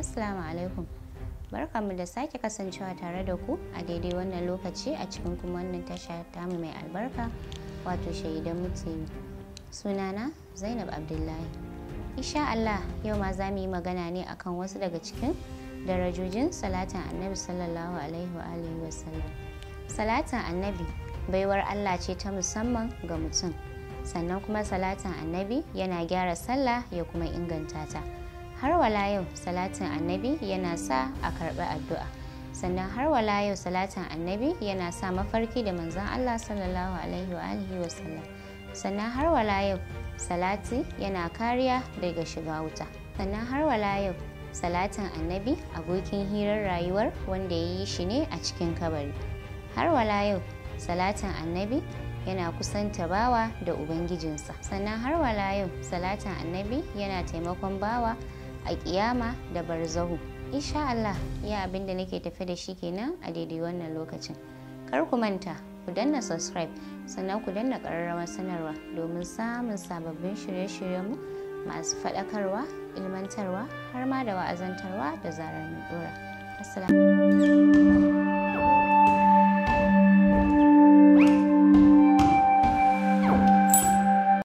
Assalamu alaikum. Barkanmu da sake kasancewa tare da ku a daidai wannan lokaci a cikin kuma wannan tasha tamu mai albarka wato shaidan mutane. Sunana Zainab Abdullahi. Insha Allah yau ma za mu yi magana ne akan wasu daga cikin darajojin salatin annabi sallallahu alaihi wa alihi wa sallam. Salatin annabi baiwar Allah ce ta musamman ga mutum. Sannan kuma salatan annabi yana gyara sallah ya kuma inganta ta. har wala yau salatin annabi yana sa a karɓi addu'a sannan har wala yau salatin annabi yana sa mafarki da manzon Allah sallallahu alaihi wa alihi wa sallam sannan har wala yau salati yana kariya daga shiga wuta sannan har wala yau salatin annabi abokin hirar rayuwar wanda ya yi shi ne a cikin kabari har wala yau salatin annabi yana kusanta bawa da ubangijinsa sannan har wala yau salatin annabi yana taimakon bawa a kiyama da barzahu insha Allah ya abin da nake tafe da shi kenan a daidai wannan lokacin kar ku manta ku danna subscribe sannan ku danna ƙararrawar sanarwa domin samun sababbin shirye shiryen mu masu faɗakarwa ilmantarwa har ma da wa'azantarwa da zarar mun dora assalamu